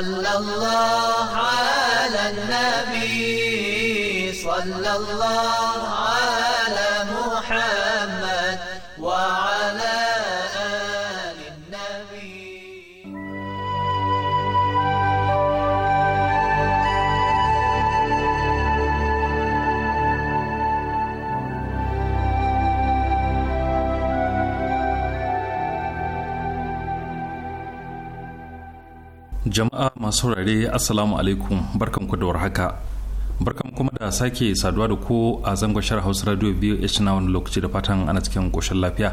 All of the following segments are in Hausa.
صلى الله على النبي صلى الله عليه jama'a masu saurare assalamu alaikum barkan ku da warhaka barkan kuma da sake saduwa da ku a zangon shara hausa radio voh na wani lokaci da fatan ana cikin koshin lafiya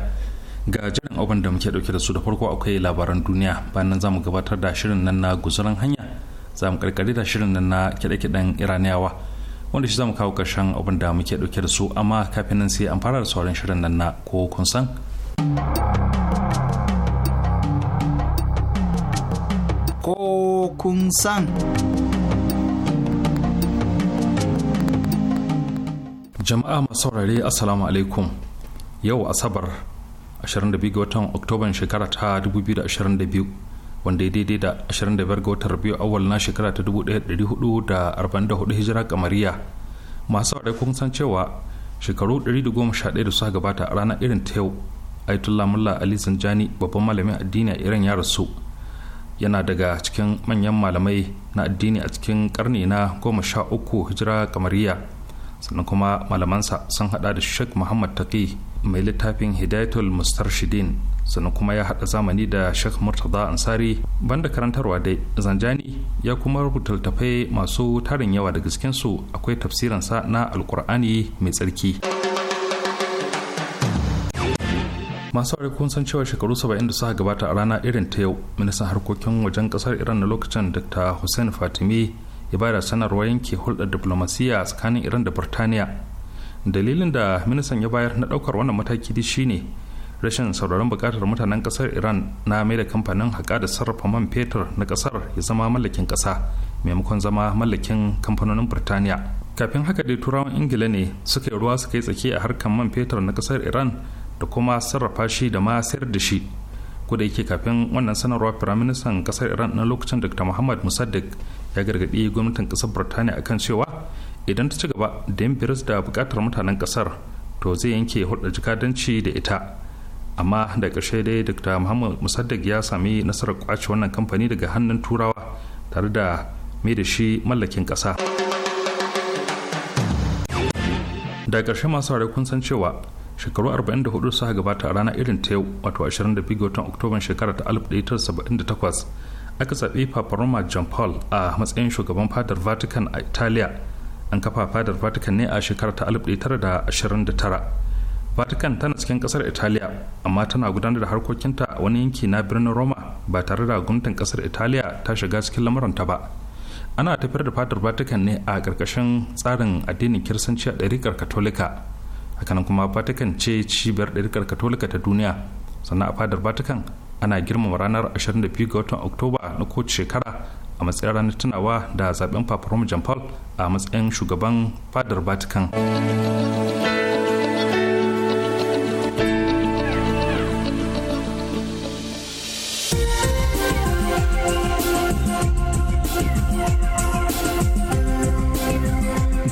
ga jiran abin da muke dauke da su da farko akwai labaran duniya bayan nan zamu gabatar da shirin nan na guzuran hanya za mu karkare da shirin nan na kiɗe-kiɗen iraniyawa wanda shi za mu kawo karshen abin da muke dauke da su amma kafin nan sai an fara da sauran shirin nan na ko kun san ko kun san. Jama'a masu saurare Assalamu alaikum yau Asabar 22 ga watan Oktoban shekara ta 2022 wanda ya daidai da 25 ga watan biyu awal na shekara ta 1444 hijira kamariya masu saurare kun san cewa shekaru 111 da suka gabata a ranar irin ta yau Aitullah Mullah Ali Sanjani babban malamin addini a Iran ya rasu. yana daga cikin manyan malamai na addini a cikin karni na goma sha uku hijira kamariya sannan kuma malamansa sun hada da sheikh muhammad taqi mai littafin hidayatul mustarshidin sannan kuma ya hada zamani da sheikh murtaza ansari banda karantarwa dai zanjani ya kuma rubuta littafai masu tarin yawa da su akwai tafsirinsa na alkur'ani mai tsarki. masu aure kun san cewa shekaru 70 da suka gabata a rana irin ta yau ministan harkokin wajen kasar iran na lokacin dr hussein fatimi ya bada sanarwar yanke hulɗar diplomasiya tsakanin iran da birtaniya dalilin da ministan ya bayar na ɗaukar wannan mataki da shine rashin sauraron buƙatar mutanen ƙasar iran na mai da kamfanin haƙa da sarrafa man fetur na kasar ya zama mallakin ƙasa maimakon zama mallakin kamfanonin birtaniya kafin haka dai turawan ingila ne suka yi ruwa suka yi tsaki a harkar man fetur na kasar iran da kuma sarrafa shi da ma sayar da shi ko da yake kafin wannan sanarwa firaministan kasar iran na lokacin dr muhammad musaddiq ya gargaɗi gwamnatin kasar burtaniya akan cewa idan ta ci gaba da yin biris da buƙatar mutanen kasar to zai yanke hulɗar jikadanci da ita amma da ƙarshe dai dr muhammad musaddiq ya sami nasarar kwace wannan kamfani daga hannun turawa tare da mai da shi mallakin ƙasa da ƙarshe masu kun san cewa shekaru 44 suka gabata a rana irin ta yau wato 22 ga watan oktoban shekarar ta 1978 aka zaɓi paparoma john paul a matsayin shugaban fadar vatican a italiya an kafa fadar vatican ne a shekara ta 1929 vatican tana cikin ƙasar italiya amma tana gudanar da harkokinta a wani yanki na birnin roma ba tare da gwamnatin ƙasar italiya ta shiga cikin lamuranta ba ana tafiyar da fadar vatican ne a ƙarƙashin tsarin addinin kirsanci a ɗarikar katolika hakanan kuma vatican ce cibiyar ɗarikar katolika ta duniya sannan a fadar vatican ana girmama ranar 22 ga watan oktoba na kowace shekara a matsayin ranar tunawa da zaben papa roma jean paul a matsayin shugaban fadar vatican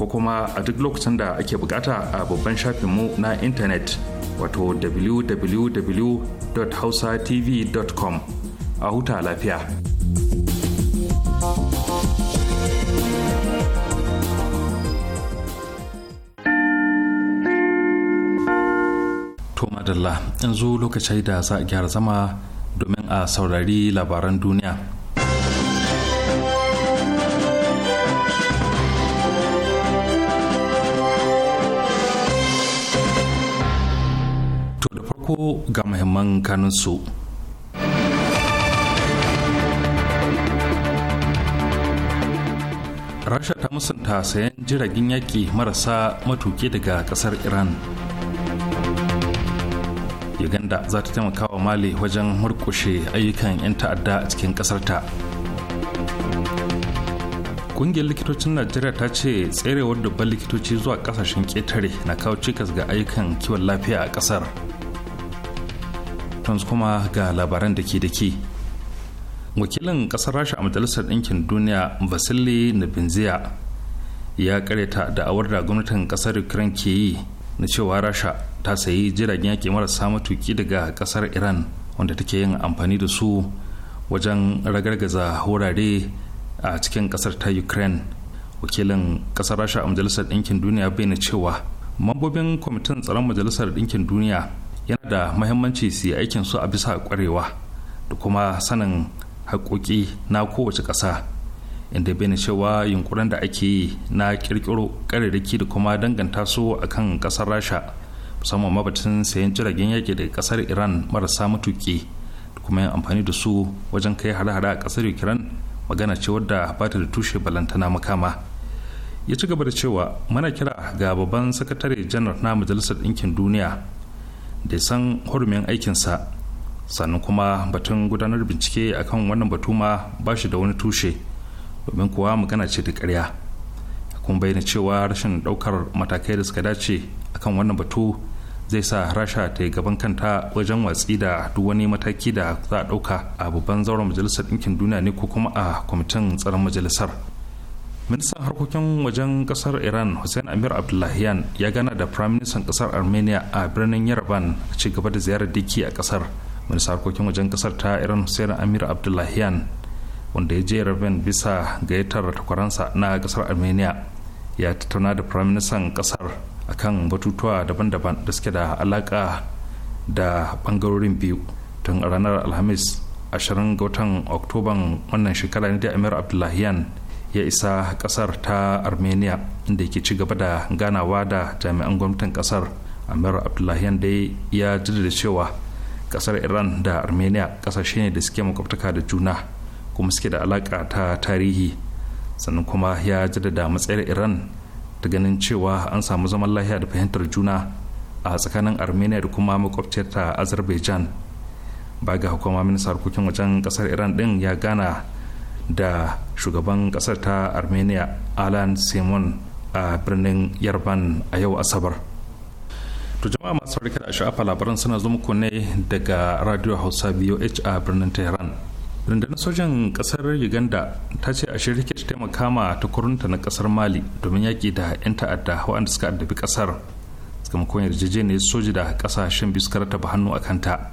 ko kuma a duk lokacin da ake bukata a babban shafinmu na intanet wato www.hausatv.com a huta lafiya. To madalla yanzu lokacin da za a gyara zama domin a saurari labaran duniya. To da farko ga muhimman su. Rasha ta musanta sayan jiragen yaƙi marasa matuke daga ƙasar Iran. Uganda za ta taimaka wa Mali wajen murkushe ayyukan 'yan ta'adda a cikin ƙasarta. ta. kungiyar likitocin najeriya ta ce tserewar dubban likitoci zuwa kasashen ketare na kawo cikas ga ayyukan kiwon lafiya a ƙasar. tons kuma ga labaran da ke da ke wakilin ƙasar rasha a majalisar ɗinkin duniya vasily nabinziya ya karyata da'awar da gwamnatin ƙasar ukraine ke yi na cewa rasha ta sayi jiragen yaƙi marasa matuki daga ƙasar iran wanda take yin amfani da su wajen ragargaza wurare a cikin kasar ta ukraine wakilin kasar rasha a majalisar ɗinkin duniya bayyana cewa mambobin kwamitin tsaron majalisar ɗinkin duniya yana da mahimmanci su yi aikin su a bisa kwarewa da kuma sanin haƙoƙi na kowace ƙasa inda bayyana cewa yunkurin da ake yi na ƙirƙiro ƙarerriki da kuma danganta su a kan ƙasar rasha musamman mabatin sayan jiragen yaƙi daga ƙasar iran marasa matuƙi da kuma yin amfani da su wajen kai hare-hare a ƙasar ukraine magana ce wadda ba ta da tushe balantana makama ya ci gaba da cewa mana kira ga babban sakatare janar na majalisar ɗinkin duniya da san hurumin aikinsa sannan kuma batun gudanar bincike akan wannan batu ma ba shi da wani tushe domin kuwa magana ce da karya kuma bayyana cewa rashin ɗaukar matakai da suka dace akan wannan batu zai sa rasha ta yi gaban kanta wajen watsi da duk wani mataki da za a ɗauka a babban zauren majalisar ɗinkin duniya ne ko kuma a kwamitin tsaron majalisar ministan harkokin wajen kasar iran hussein amir abdullahian ya gana da firaministan kasar armenia a birnin yaraban a ci gaba da ziyarar diki a kasar ministan harkokin wajen kasar ta iran hussein amir abdullahian wanda ya je yerevan bisa gayyatar takwaransa na kasar armenia ya tattauna da firaministan kasar akan batutuwa daban-daban da suke da alaka da bangarorin biyu tun ranar alhamis 20 ga watan oktoban wannan shekara ne da amir abdullahiyan ya isa kasar ta armenia inda yake ci gaba da ganawa da jami'an gwamnatin kasar amir abdullahiyan dai ya jaddada cewa kasar iran da armenia kasashe ne da suke makwabtaka da juna kuma suke da alaka ta tarihi sannan kuma ya jaddada matsayar iran da ganin cewa an samu zaman lahiya da fahimtar juna a tsakanin armenia da kuma makwabciyarta azerbaijan ba ga hukuma minista harkokin wajen kasar iran din ya gana da shugaban kasar ta armenia alan simon a birnin yarban a yau asabar to jama'a masu farka da sha'afa labaran suna zo muku ne daga radio hausa 2h a birnin tehran rundunar sojan kasar uganda ta ce a shirke ta taimaka ma takwarunta na kasar mali domin yaƙi da 'yan ta'adda waɗanda suka addabi kasar sakamakon yarjejeniyar soji da kasashen biyu suka rataba hannu a kanta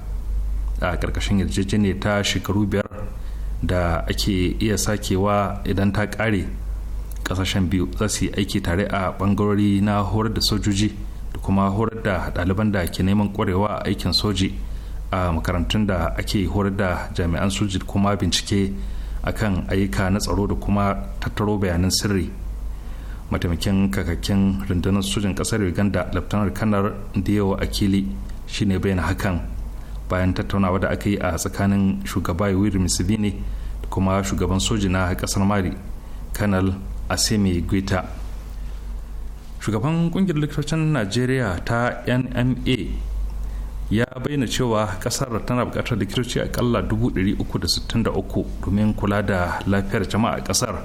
a ƙarƙashin yarjejeniyar ta shekaru biyar da ake iya sakewa idan ta ƙare ƙasashen biyu za su yi aiki tare a ɓangarori na horar da sojoji da kuma horar da ɗaliban da ke neman ƙwarewa a aikin soji a makarantun da ake horar da jami'an sojin kuma bincike akan ayyuka na tsaro da kuma tattaro bayanan sirri mataimakin kakakin rundunar sojin kasar uganda laftanar kanar diyawa akili shine bayan hakan bayan tattaunawa da aka yi a tsakanin shugaba yoweri musulini da kuma shugaban soji na kasar mali kanal asemi guita shugaban kungiyar likitocin najeriya ta nma ya bayyana cewa kasar tana bukatar likitoci akalla 363 domin kula da lafiyar jama'a a kasar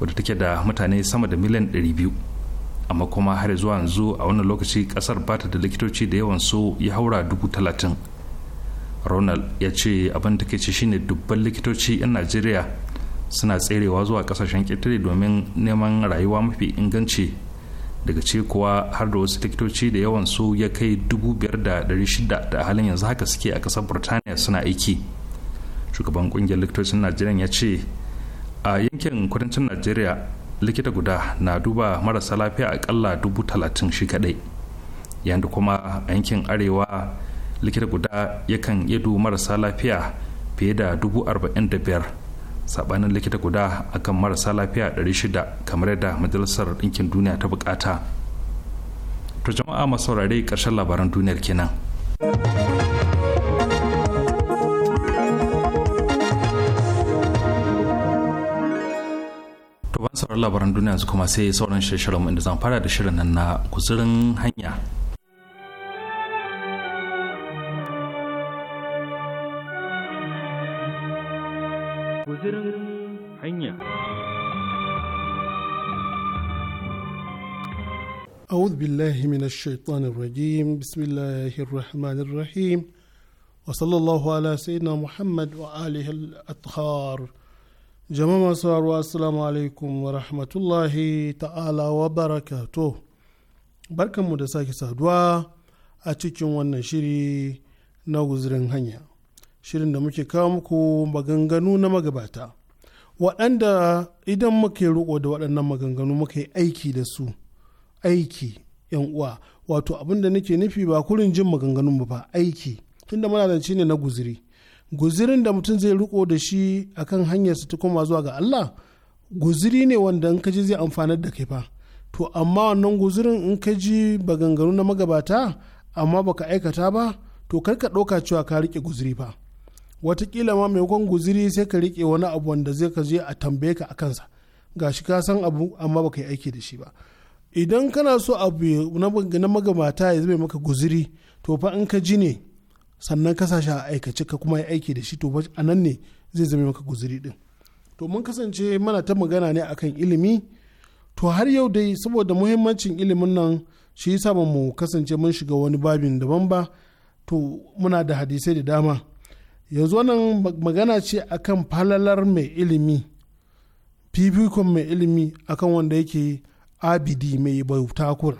wadda take da mutane sama da miliyan 200 amma kuma har zuwa yanzu a wannan lokaci kasar bata da likitoci da yawan su ya haura dubu talatin ronald ya ce abin da ce shine dubban likitoci 'yan najeriya suna tserewa zuwa kasashen ƙetare domin neman rayuwa mafi inganci daga ce kuwa har da wasu likitoci da yawan su ya kai 5,600 da halin yanzu haka suke a kasar burtaniya suna aiki shugaban kungiyar likitocin najeriya ya ce a yankin kudancin najeriya likita guda na duba marasa lafiya akalla dubu talatin shi kadai yadda kuma a yankin arewa likita guda yakan iya marasa lafiya fiye da dubu arba'in da biyar sabanin likita guda akan marasa lafiya 600 kamar yadda majalisar ɗinkin duniya ta bukata to jama'a masu saurare ƙarshen labaran duniyar kenan to ban sauran labaran duniya su kuma sai sauran shirye inda zan fara da shirin nan na kusurin hanya أعوذ mina من الشيطان الرجيم بسم الله الرحمن الرحيم وصلى الله على سيدنا محمد وآله الأطهار jama'a sauraro assalamu alaikum wa rahmatullahi ta'ala wa Barkan mu da sake saduwa a cikin wannan shiri na guzurin hanya shirin da muke kawo muku maganganu na magabata waɗanda idan muke riko da waɗannan maganganu muka yi aiki da su aiki yan uwa wato abin da nake nufi ba kurin jin maganganun ba aiki tunda muna da ne na guziri guzirin da mutum zai riko da shi akan hanyar su ta koma zuwa ga Allah guziri ne wanda in kaji zai amfanar da kai fa to amma wannan guzirin in ka ji maganganu na magabata amma baka aikata ba to kar ka ɗauka cewa ka rike guziri fa watakila ma maimakon guziri sai ka rike wani abu wanda zai ka je a tambaye ka a kansa gashi ka san abu amma baka yi aiki da shi ba idan kana so abu na magabata ya zama maka guziri to fa in ka ji ne sannan ka sashi a aikace ka kuma yi aiki da shi to a nan ne zai zama maka guziri din to mun kasance mana ta magana ne akan ilimi to har yau dai saboda muhimmancin ilimin nan shi yasa ba mu kasance mun shiga wani babin daban ba to muna da hadisai da dama yanzu wannan magana ce akan falalar mai ilimi fifikon mai ilimi akan wanda yake abidi mai bauta kur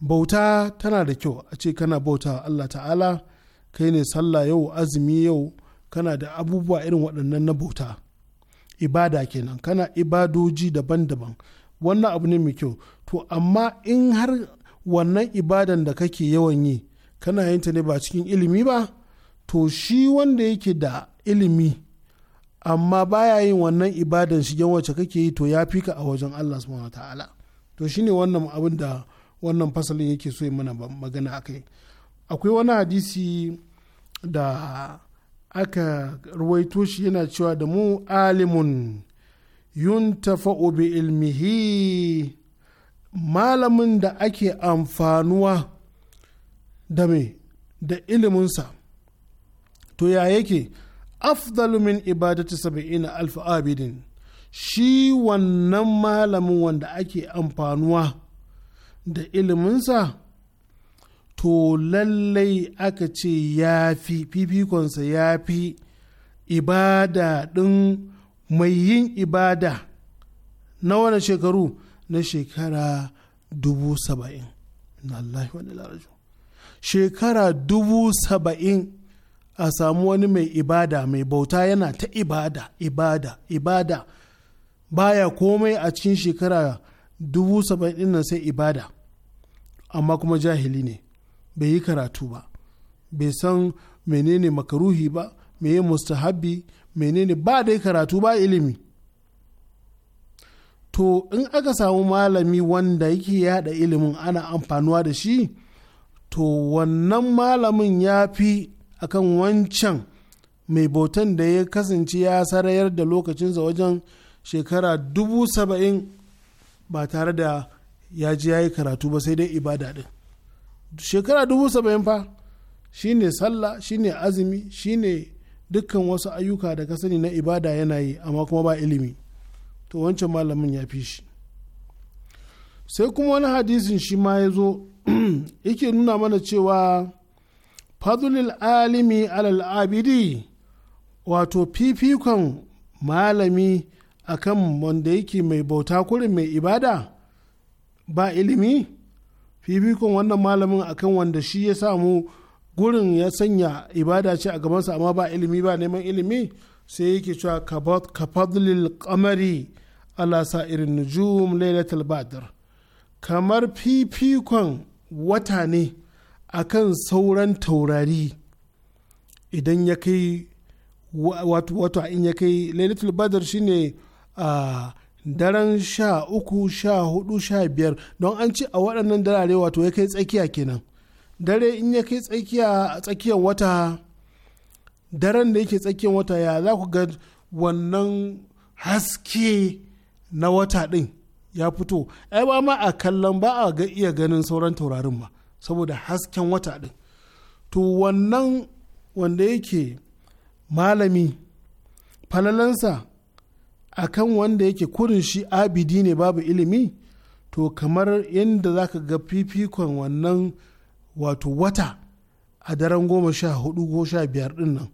bauta tana da kyau a ce kana bauta Allah ta'ala kai ne sallah yau azumi yau kana da abubuwa irin waɗannan na bauta ibada kenan kana ibadoji daban-daban wannan abu ne mai kyau to amma in har wannan ibadan da kake yawan yi kana yin ta ne ba cikin ilimi ba to shi wanda yake da ilimi amma baya yin wannan ibadan shigen wacce kake yi to ya fi ka a wajen Allah subhanahu ta'ala to shine wannan abin da wannan fasalin yake so mana magana a kai akwai wani hadisi da aka ruwaito shi yana cewa da mu alimun yuntafa'u bi ilmihi malamin da ake amfanuwa da me da iliminsa to ya yake afdalu min ibadati saba'ina alfa abidin shi wannan malamin wanda ake amfanuwa da iliminsa to lallai aka ce ya fi fifikonsa ya fi ibada ɗin mai yin ibada na wani shekaru na shekara dubu saba'in Allah shekara dubu saba'in a samu wani mai ibada mai bauta yana ta ibada ibada ibada baya komai a cikin shekara dubu saba'in nan sai ibada amma kuma jahili ne bai yi karatu ba bai san menene makaruhi ba meye mustahabi menene ba dai karatu ba ilimi to in aka samu malami wanda yake yada ilimin ana amfanuwa da shi to wannan malamin ya fi akan wancan mai bautan da ya kasance ya sarayar da lokacinsa wajen shekara dubu saba'in ba tare da ya ji ya yi karatu ba sai dai ibada ɗin shekara dubu saba'in fa shine sallah shine azumi shine dukkan wasu ayyuka da ka sani na ibada yana yi amma kuma ba ilimi to wancan malamin ya fi shi sai kuma wani hadisin shi ma ya zo yake nuna mana cewa fadlul alimi alal abidi wato fifikon malami akan wanda yake mai bauta kurin mai ibada ba ilimi fifikon wannan malamin akan wanda shi ya samu gurin ya sanya ibada ce a gabansa amma ba ilimi ba neman ilimi sai yake cewa ka fadlil kamari ala sa'irin nujum lailatul badr kamar fifikon wata ne akan sauran taurari idan ya kai wato in ya kai lailatul badr shine a daren sha uku sha hudu sha biyar don an ci a waɗannan darare wato ya kai tsakiya kenan dare in ya kai tsakiya tsakiyar wata daren da yake tsakiyar wata ya za ku ga wannan haske na wata ɗin ya fito ai ba ma a kallon ba a ga iya ganin sauran taurarin ba saboda hasken wata ɗin to wannan wanda yake malami falalansa akan wanda yake kurin shi abidi ne babu ilimi to kamar yadda za ka ga fifikon wannan wato wata a daren goma sha hudu ko sha biyar din nan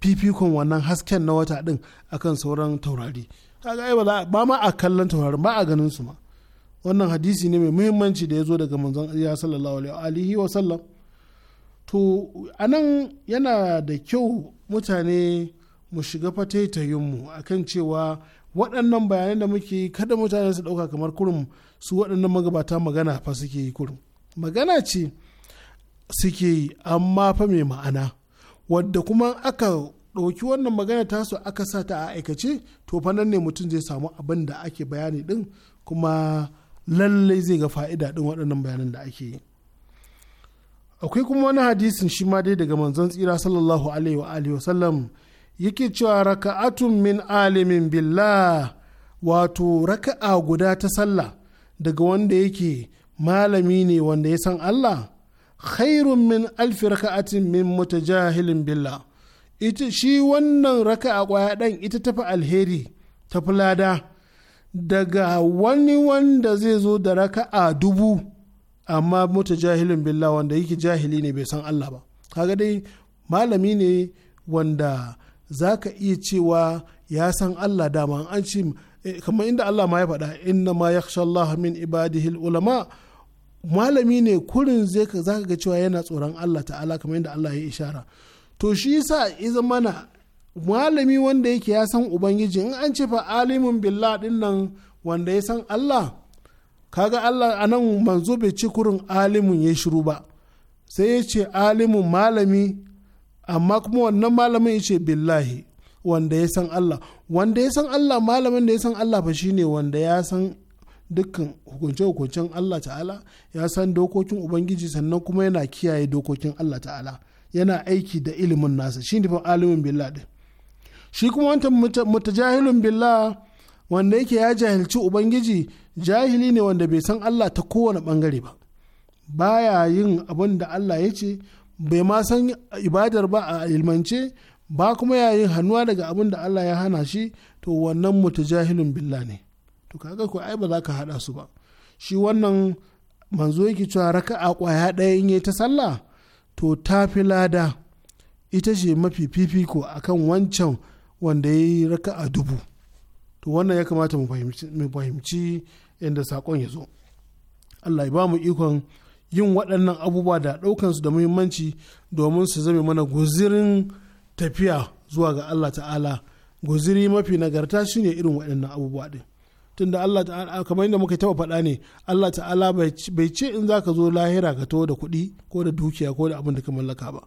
fifikon wannan hasken na wata din akan sauran taurari kaga ba ma a kallon taurari ba a ganin su ma wannan hadisi ne mai muhimmanci da ya zo daga manzon ya sallallahu alaihi wa sallam to anan yana da kyau mutane mu shiga fataitayinmu a kan cewa waɗannan bayanan da muke yi kada mutane su ɗauka kamar kurum su waɗannan magabata magana fa suke yi kurum magana ce suke yi amma fa mai ma'ana wadda kuma aka ɗauki wannan magana ta tasu aka sa ta a aikace to fa nan ne mutum zai samu abin da ake bayani ɗin kuma lallai zai ga fa'ida ɗin waɗannan bayanan da ake yi akwai kuma wani hadisin shi ma dai daga manzon tsira sallallahu alaihi wa alihi yake cewa raka'atun min alimin billah wato raka'a guda ta sallah daga wanda yake malami ne wanda ya san Allah khairun min alfi raka'atin min mutajahilin billah ita shi wannan raka'a kwaya dan ita tafi alheri tafi lada daga wani wanda zai zo da raka'a dubu amma mutajahilin billa wanda yake jahili ne bai san Allah ba kaga dai malami ne wanda za ka iya cewa ya san Allah dama an ce eh, kamar inda Allah ma ya faɗa inna ma ya Allah min ibadihil ulama malami ne kurin zai ka ka ga cewa yana tsoron Allah ta'ala kamar inda Allah ya ishara to shi yasa iza mana malami wanda yake ya san ubangiji in an ce fa alimun billah din wanda ya san Allah kaga Allah anan manzo bai ci kurin alimun ya shiru ba sai ya ce alimun malami amma kuma wannan malamin ya ce billahi wanda ya san Allah wanda ya san Allah malamin da ya san Allah fa shine wanda ya san dukkan hukunce-hukuncen Allah ta'ala ya san dokokin Ubangiji sannan kuma yana kiyaye dokokin Allah ta'ala yana aiki da ilimin nasa shine fa alimin billahi din shi kuma wanda mutajahilun billah wanda yake ya jahilci Ubangiji jahili ne wanda bai san Allah ta kowane bangare ba baya yin abin da Allah ya ce bai ma san ibadar ba a ilmance ba kuma yayin hannuwa daga abin da Allah ya hana shi to wannan jahilin billa ne to kaga ko ai ba za ka hada su ba shi wannan manzo yake cewa raka'a kwaya ɗaya in yayi ta sallah to ta fi lada ita ce mafi fifiko akan wancan wanda ya yi raka'a dubu to wannan ya kamata mu fahimci inda saƙon ya zo Allah ya ba mu ikon yin waɗannan abubuwa da ɗaukansu da muhimmanci domin su zame mana guzirin tafiya zuwa ga Allah ta'ala guziri mafi nagarta shine irin waɗannan abubuwa ɗin tunda Allah ta'ala kamar yadda muka taɓa faɗa ne Allah ta'ala bai ce in zaka zo lahira ka taho da kuɗi ko da dukiya ko da abin da ka mallaka ba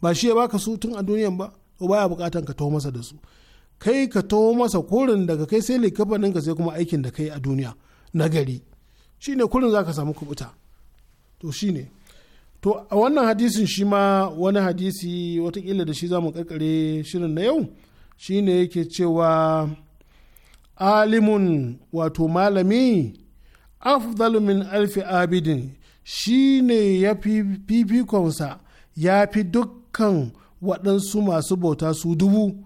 ba shi ya baka su tun a duniyan ba to baya bukatan ka taho masa da su kai ka taho masa kurin daga kai sai likafanin ka sai kuma aikin da kai a duniya nagari shine kurin za ka samu kubuta to ne to a wannan hadisin shi ma wani hadisi watakila da shi za mu karkare shirin na yau shi ne yake cewa alimun wato malami afdalu alfi abidin shi ne ya fi fifikonsa ya fi dukkan waɗansu masu bauta su dubu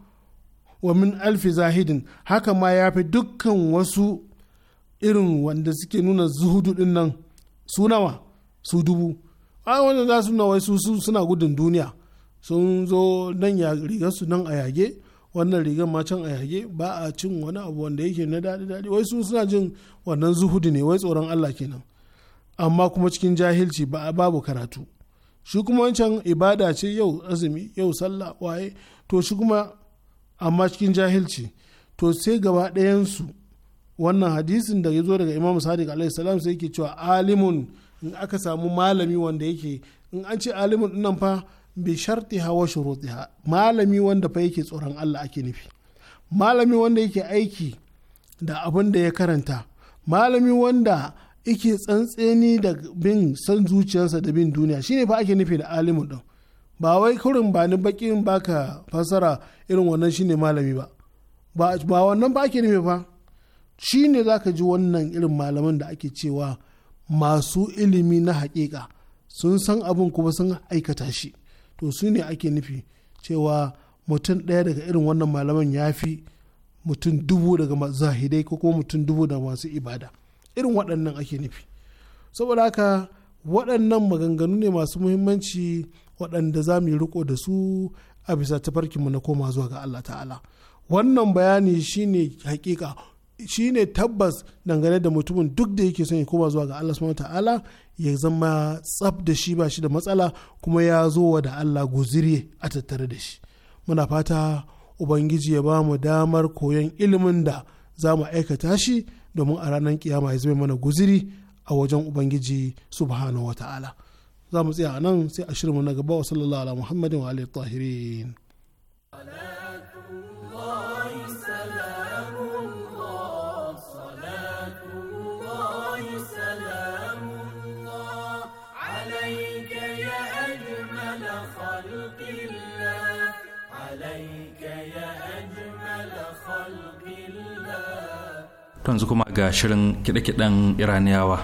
wa min alfi zahidin haka ma ya fi dukkan wasu irin wanda suke nuna zuhudu ɗin nan su su dubu a wanda za su wai su suna gudun duniya sun zo nan ya rigar su nan a yage wannan rigar ma can a yage ba a cin wani abu wanda yake na daɗi daɗi wai su suna jin wannan zuhudu ne wai tsoron Allah kenan amma kuma cikin jahilci ba babu karatu shi kuma wancan ibada ce yau azumi yau sallah waye to shi kuma amma cikin jahilci to sai gaba ɗayansu wannan hadisin da ya zo daga imam sadiq alaihi salam sai yake cewa alimun in aka samu malami wanda yake in an ce alimin dinnan fa bi shartiha wa ha malami wanda fa yake tsoron Allah ake nufi malami wanda yake aiki da abin da ya karanta malami wanda yake tsantseni da bin san zuciyarsa da bin duniya shine fa ake nufi da alimin din ba wai kurin ba ni bakin baka fasara irin wannan shine malami ba ba wannan ba ake nufi fa shine zaka ji wannan irin malaman da ake cewa masu ilimi na haƙiƙa sun san abin kuma sun aikata shi to su ne ake nufi cewa mutum ɗaya daga irin wannan malaman ya fi mutum dubu daga zahidai ko kuma mutum dubu da masu ibada irin waɗannan ake nufi saboda haka waɗannan maganganu ne masu muhimmanci waɗanda za mu yi riko da su a bisa tafarkinmu na koma zuwa ga Allah ta'ala wannan bayani shine hakika shi ne tabbas dangane da mutumin duk da yake son ya koma zuwa ga Allah subhanahu ta'ala ya zama tsab da shi ba shi da matsala kuma ya zo wa da Allah guziri a tattare da shi muna fata ubangiji ya ba mu damar koyon ilimin da za mu aikata shi domin a ranar kiyama ya zama mana guziri a wajen ubangiji subhanahu wa ta'ala za mu tsaya nan sai a shirin na gaba wa sallallahu alaihi muhammadin wa alihi tahirin yanzu kuma ga shirin kiɗe-kiɗen iraniyawa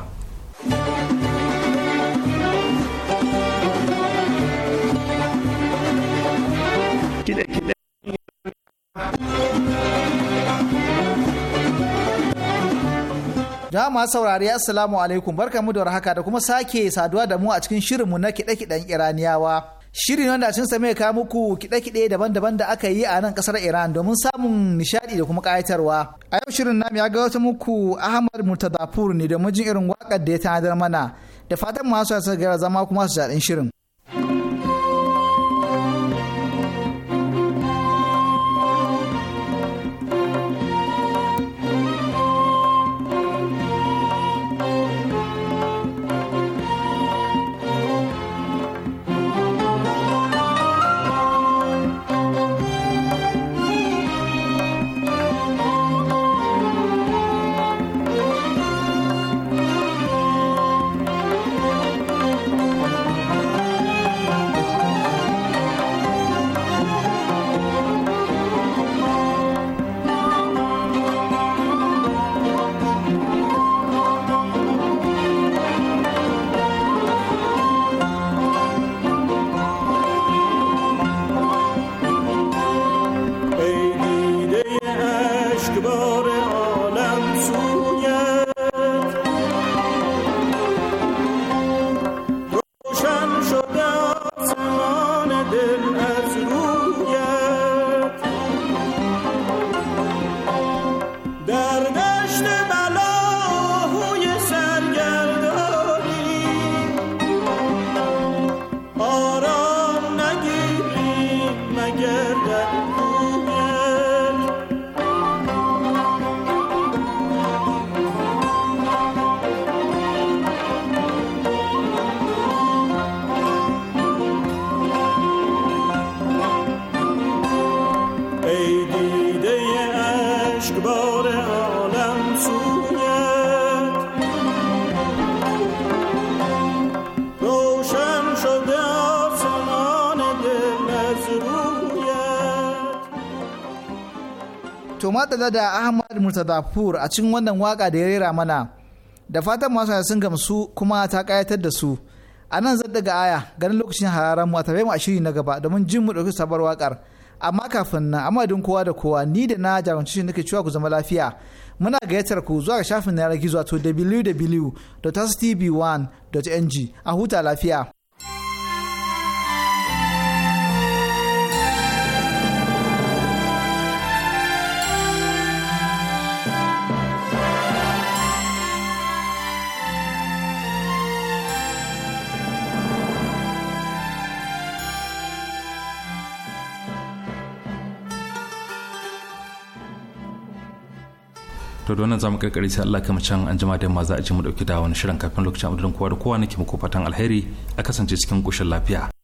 Da ma saurari Assalamu alaikum barkamu da warhaka da kuma sake saduwa da mu a cikin shirinmu na kiɗe-kiɗen Iraniyawa. shirin wanda sun same ka muku kiɗe-kiɗe daban-daban da aka yi a nan kasar Iran domin samun nishaɗi da kuma kayatarwa. A yau shirin nam ya ga wata muku Ahmad Murtadapur ne domin jin irin wakar da ya tanadar mana da fatan masu yasa gara zama kuma su jaɗin shirin. to matsala da ahmad murtadafur a cikin wannan waka da ya rera mana da fatan masu sun gamsu kuma ta kayatar da su a nan zan daga aya ganin lokacin hararan mu a tabe mu a shiri na gaba domin jin mu ɗauki sabar wakar amma kafin nan amma don kowa da kowa ni da na jagoranci shi nake cewa ku zama lafiya muna gayyatar ku zuwa ga shafin na yaraki gizo to www.tv1.ng a huta lafiya to da za zamu karkare sai Allah kuma can an da ma za a ji mu dauki da wani shirin kafin lokacin abudin kowa da kowa nake muku fatan alheri a kasance cikin koshin lafiya